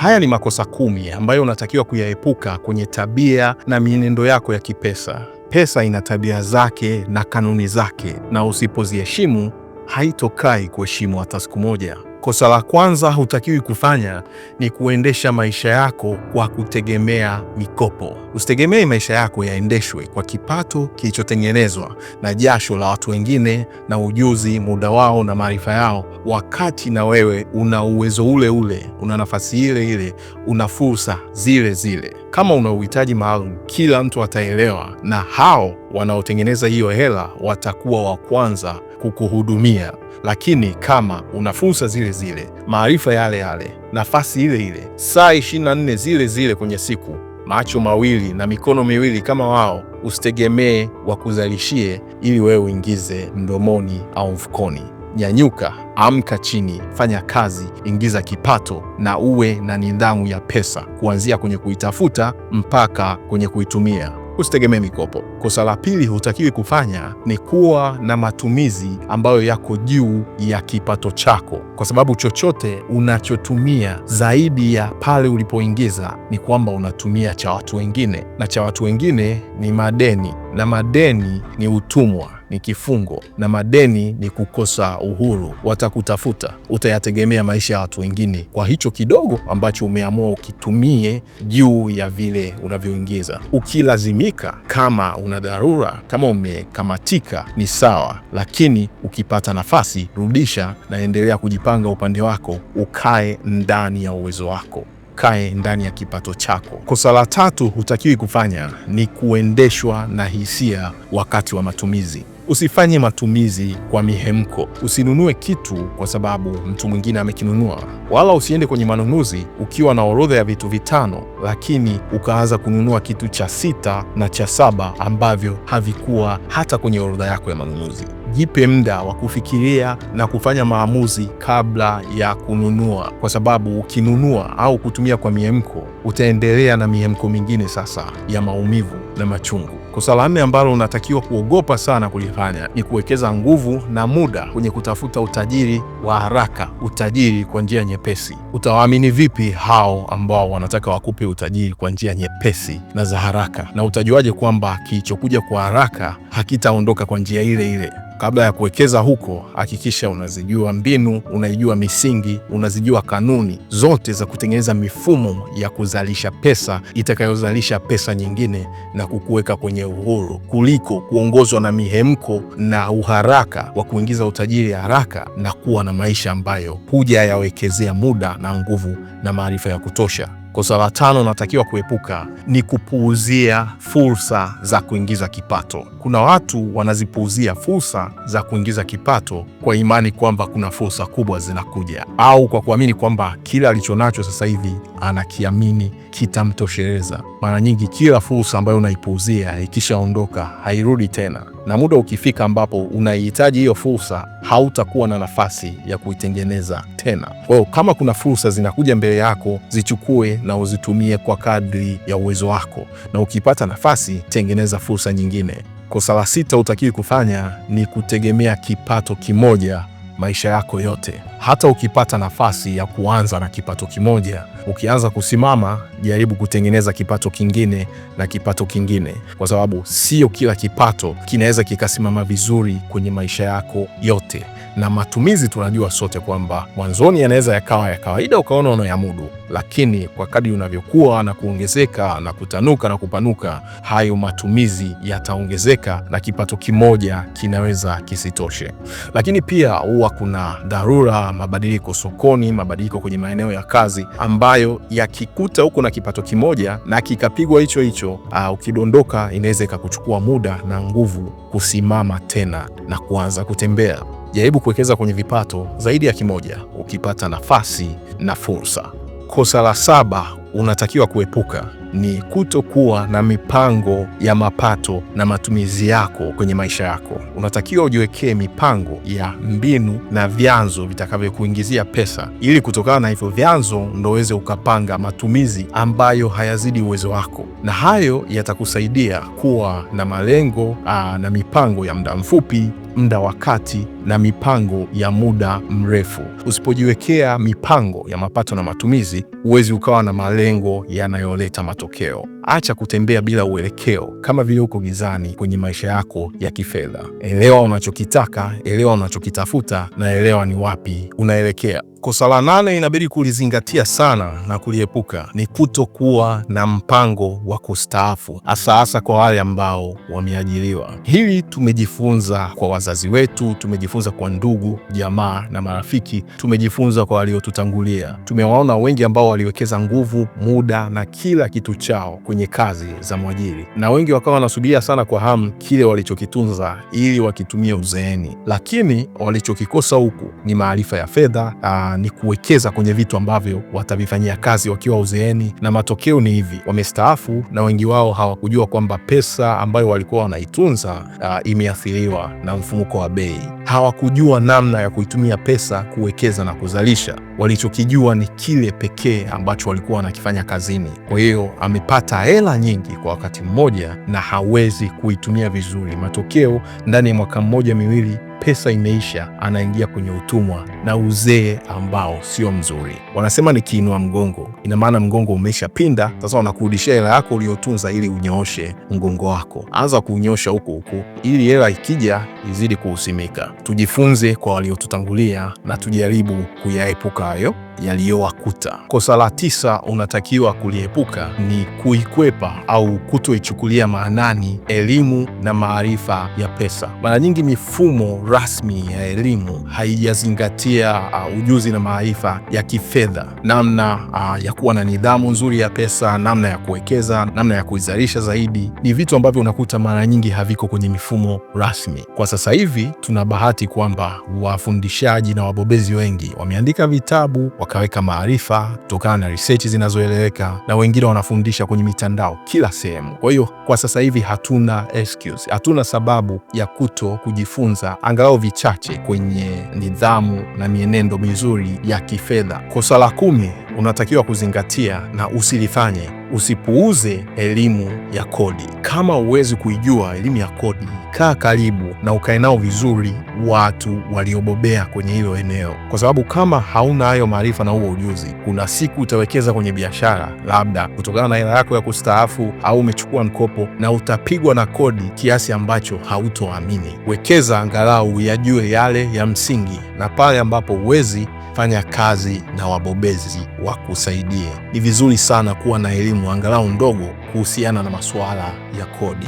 Haya ni makosa kumi ambayo unatakiwa kuyaepuka kwenye tabia na mienendo yako ya kipesa. Pesa ina tabia zake na kanuni zake, na usipoziheshimu haitokai kuheshimu hata siku moja. Kosa la kwanza hutakiwi kufanya ni kuendesha maisha yako kwa kutegemea mikopo. Usitegemee maisha yako yaendeshwe kwa kipato kilichotengenezwa na jasho la watu wengine na ujuzi, muda wao na maarifa yao, wakati na wewe una uwezo ule ule, una nafasi ile ile, una fursa zile zile. Kama una uhitaji maalum, kila mtu ataelewa, na hao wanaotengeneza hiyo hela watakuwa wa kwanza kukuhudumia, lakini kama una fursa zile zile, maarifa yale yale, nafasi ile ile, saa 24 zile zile kwenye siku, macho mawili na mikono miwili kama wao, usitegemee wakuzalishie ili wewe uingize mdomoni au mfukoni. Nyanyuka, amka chini, fanya kazi, ingiza kipato, na uwe na nidhamu ya pesa, kuanzia kwenye kuitafuta mpaka kwenye kuitumia usitegemee mikopo. Kosa la pili hutakiwi kufanya ni kuwa na matumizi ambayo yako juu ya kipato chako, kwa sababu chochote unachotumia zaidi ya pale ulipoingiza ni kwamba unatumia cha watu wengine, na cha watu wengine ni madeni na madeni ni utumwa, ni kifungo, na madeni ni kukosa uhuru. Watakutafuta, utayategemea maisha ya watu wengine kwa hicho kidogo ambacho umeamua ukitumie juu ya vile unavyoingiza. Ukilazimika, kama una dharura, kama umekamatika, ni sawa, lakini ukipata nafasi, rudisha na endelea kujipanga upande wako, ukae ndani ya uwezo wako ukae ndani ya kipato chako. Kosa la tatu hutakiwi kufanya ni kuendeshwa na hisia wakati wa matumizi. Usifanye matumizi kwa mihemko. Usinunue kitu kwa sababu mtu mwingine amekinunua, wala usiende kwenye manunuzi ukiwa na orodha ya vitu vitano, lakini ukaanza kununua kitu cha sita na cha saba ambavyo havikuwa hata kwenye orodha yako ya manunuzi jipe muda wa kufikiria na kufanya maamuzi kabla ya kununua, kwa sababu ukinunua au kutumia kwa miemko, utaendelea na miemko mingine sasa ya maumivu na machungu. Kosa la nne ambalo unatakiwa kuogopa sana kulifanya ni kuwekeza nguvu na muda kwenye kutafuta utajiri wa haraka, utajiri kwa njia nyepesi. Utawaamini vipi hao ambao wanataka wakupe utajiri kwa njia nyepesi na za haraka? Na utajuaje kwamba kilichokuja kwa haraka hakitaondoka kwa njia ile ile? Kabla ya kuwekeza huko, hakikisha unazijua mbinu, unaijua misingi, unazijua kanuni zote za kutengeneza mifumo ya kuzalisha pesa itakayozalisha pesa nyingine na kukuweka kwenye uhuru kuliko kuongozwa na mihemko na uharaka wa kuingiza utajiri haraka na kuwa na maisha ambayo hujayawekezea muda na nguvu na maarifa ya kutosha. Kosa la tano natakiwa kuepuka ni kupuuzia fursa za kuingiza kipato. Kuna watu wanazipuuzia fursa za kuingiza kipato kwa imani kwamba kuna fursa kubwa zinakuja, au kwa kuamini kwamba kila alichonacho sasa hivi anakiamini kitamtosheleza. Mara nyingi kila fursa ambayo unaipuuzia ikishaondoka hairudi tena, na muda ukifika ambapo unaihitaji hiyo fursa, hautakuwa na nafasi ya kuitengeneza tena. Kwa hiyo kama kuna fursa zinakuja mbele yako, zichukue na uzitumie kwa kadri ya uwezo wako, na ukipata nafasi, tengeneza fursa nyingine. Kosa la sita utakiwi kufanya ni kutegemea kipato kimoja maisha yako yote hata ukipata nafasi ya kuanza na kipato kimoja, ukianza kusimama, jaribu kutengeneza kipato kingine na kipato kingine, kwa sababu sio kila kipato kinaweza kikasimama vizuri kwenye maisha yako yote na matumizi tunajua sote kwamba mwanzoni yanaweza yakawa ya kawaida ukaona unayamudu, lakini kwa kadri unavyokuwa na kuongezeka na kutanuka na kupanuka, hayo matumizi yataongezeka na kipato kimoja kinaweza kisitoshe. Lakini pia huwa kuna dharura, mabadiliko sokoni, mabadiliko kwenye maeneo ya kazi, ambayo yakikuta huko na kipato kimoja na kikapigwa hicho hicho, uh, ukidondoka inaweza ikakuchukua muda na nguvu kusimama tena na kuanza kutembea jaribu kuwekeza kwenye vipato zaidi ya kimoja ukipata nafasi na fursa. Kosa la saba unatakiwa kuepuka ni kutokuwa na mipango ya mapato na matumizi yako kwenye maisha yako. Unatakiwa ujiwekee mipango ya mbinu na vyanzo vitakavyokuingizia pesa, ili kutokana na hivyo vyanzo ndo uweze ukapanga matumizi ambayo hayazidi uwezo wako, na hayo yatakusaidia kuwa na malengo aa, na mipango ya muda mfupi muda wa kati na mipango ya muda mrefu. Usipojiwekea mipango ya mapato na matumizi, huwezi ukawa na malengo yanayoleta matumizi matokeo. Acha kutembea bila uelekeo, kama vile uko gizani kwenye maisha yako ya kifedha. Elewa unachokitaka, elewa unachokitafuta, na elewa ni wapi unaelekea. Kosa la nane inabidi kulizingatia sana na kuliepuka ni kutokuwa na mpango wa kustaafu, hasa hasa kwa wale ambao wameajiriwa. Hili tumejifunza kwa wazazi wetu, tumejifunza kwa ndugu jamaa na marafiki, tumejifunza kwa waliotutangulia. Tumewaona wengi ambao waliwekeza nguvu, muda na kila kitu chao kwenye kazi za mwajiri, na wengi wakawa wanasubiria sana kwa hamu kile walichokitunza ili wakitumie uzeeni, lakini walichokikosa huku ni maarifa ya fedha ah, ni kuwekeza kwenye vitu ambavyo watavifanyia kazi wakiwa uzeeni, na matokeo ni hivi, wamestaafu na wengi wao hawakujua kwamba pesa ambayo walikuwa wanaitunza uh, imeathiriwa na mfumuko wa bei. Hawakujua namna ya kuitumia pesa kuwekeza na kuzalisha. Walichokijua ni kile pekee ambacho walikuwa wanakifanya kazini. Kwa hiyo amepata hela nyingi kwa wakati mmoja na hawezi kuitumia vizuri. Matokeo ndani ya mwaka mmoja miwili pesa imeisha, anaingia kwenye utumwa na uzee ambao sio mzuri. Wanasema nikiinua mgongo, ina maana mgongo umeshapinda. Sasa wanakurudishia hela yako uliotunza ili unyooshe mgongo wako, anza kuunyosha huku huku, ili hela ikija izidi kuhusimika. Tujifunze kwa waliotutangulia na tujaribu kuyaepuka hayo yaliyowakuta. Kosa la tisa unatakiwa kuliepuka ni kuikwepa au kutoichukulia maanani elimu na maarifa ya pesa. Mara nyingi mifumo rasmi ya elimu haijazingatia uh, ujuzi na maarifa ya kifedha, namna uh, ya kuwa na nidhamu nzuri ya pesa, namna ya kuwekeza, namna ya kuizalisha zaidi. Ni vitu ambavyo unakuta mara nyingi haviko kwenye mifumo rasmi. Kwa sasa hivi tuna bahati kwamba wafundishaji na wabobezi wengi wameandika vitabu wakaweka maarifa kutokana na research zinazoeleweka, na wengine wanafundisha kwenye mitandao kila sehemu. Kwa hiyo kwa sasa hivi hatuna excuse, hatuna sababu ya kuto kujifunza angalau vichache kwenye nidhamu na mienendo mizuri ya kifedha. Kosa la kumi unatakiwa kuzingatia na usilifanye. Usipuuze elimu ya kodi. Kama huwezi kuijua elimu ya kodi, kaa karibu na ukae nao vizuri watu waliobobea kwenye hilo eneo, kwa sababu kama hauna hayo maarifa na huo ujuzi, kuna siku utawekeza kwenye biashara, labda kutokana na hela yako ya kustaafu au umechukua mkopo, na utapigwa na kodi kiasi ambacho hautoamini. Wekeza angalau yajue yale ya msingi, na pale ambapo huwezi fanya kazi na wabobezi wa kusaidia Ni vizuri sana kuwa na elimu angalau ndogo kuhusiana na masuala ya kodi.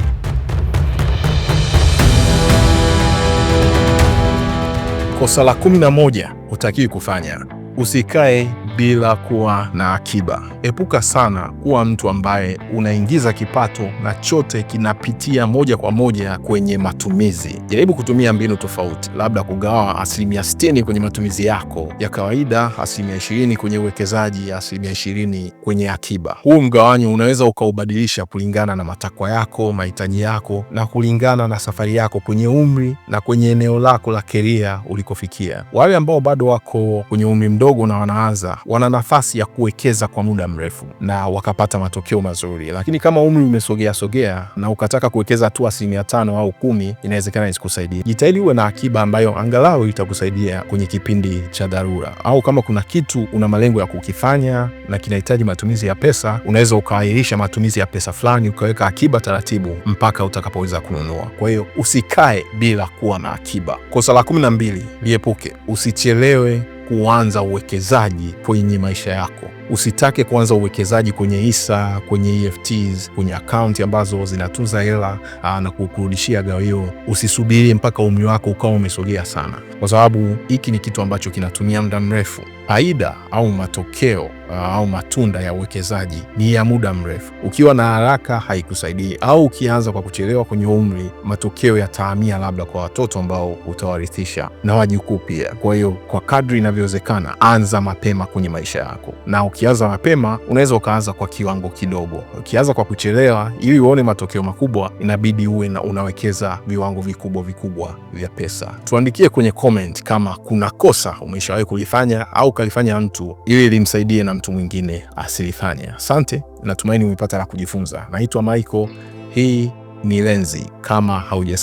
Kosa la 11 hutakiwi kufanya: usikae bila kuwa na akiba. Epuka sana kuwa mtu ambaye unaingiza kipato na chote kinapitia moja kwa moja kwenye matumizi. Jaribu kutumia mbinu tofauti, labda kugawa asilimia 60 kwenye matumizi yako ya kawaida, asilimia 20 kwenye uwekezaji, asilimia 20 kwenye akiba. Huu mgawanyo unaweza ukaubadilisha kulingana na matakwa yako, mahitaji yako, na kulingana na safari yako kwenye umri na kwenye eneo lako la keria ulikofikia. Wale ambao bado wako kwenye umri mdogo na wanaanza wana nafasi ya kuwekeza kwa muda mrefu na wakapata matokeo mazuri. Lakini kama umri umesogea sogea na ukataka kuwekeza tu asilimia tano au kumi, inawezekana isikusaidie. Jitahidi uwe na akiba ambayo angalau itakusaidia kwenye kipindi cha dharura, au kama kuna kitu una malengo ya kukifanya na kinahitaji matumizi ya pesa, unaweza ukaahirisha matumizi ya pesa fulani, ukaweka akiba taratibu mpaka utakapoweza kununua. Kwa hiyo usikae bila kuwa na akiba. Kosa la kumi na mbili, liepuke, usichelewe kuanza uwekezaji kwenye maisha yako. Usitake kuanza uwekezaji kwenye hisa, kwenye ETFs, kwenye akaunti ambazo zinatunza hela ah, na kukurudishia gawio. Usisubiri mpaka umri wako ukawa umesogea sana, kwa sababu hiki ni kitu ambacho kinatumia muda mrefu. Faida au matokeo Uh, au matunda ya uwekezaji ni ya muda mrefu. Ukiwa na haraka haikusaidii, au ukianza kwa kuchelewa kwenye umri, matokeo taamia labda kwa watoto ambao utawarithisha na wajukuu pia. Kwa hiyo, kwa kadri inavyowezekana, anza mapema kwenye maisha yako, na ukianza mapema unaweza ukaanza kwa kiwango kidogo. Ukianza kwa kuchelewa, ili uone matokeo makubwa, inabidi uwe na unawekeza viwango vikubwa vikubwa vya pesa. Tuandikie kwenye comment kama kuna kosa umeishawahi kulifanya au kalifanya mtu ili limsaidie na mtu mwingine asilifanya. Asante, natumaini umepata la kujifunza. Naitwa Michael, hii ni Lenzi. Kama hauja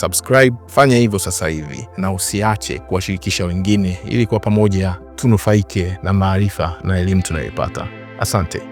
fanya hivyo sasa hivi na usiache kuwashirikisha wengine, ili kwa pamoja tunufaike na maarifa na elimu tunayoipata. Asante.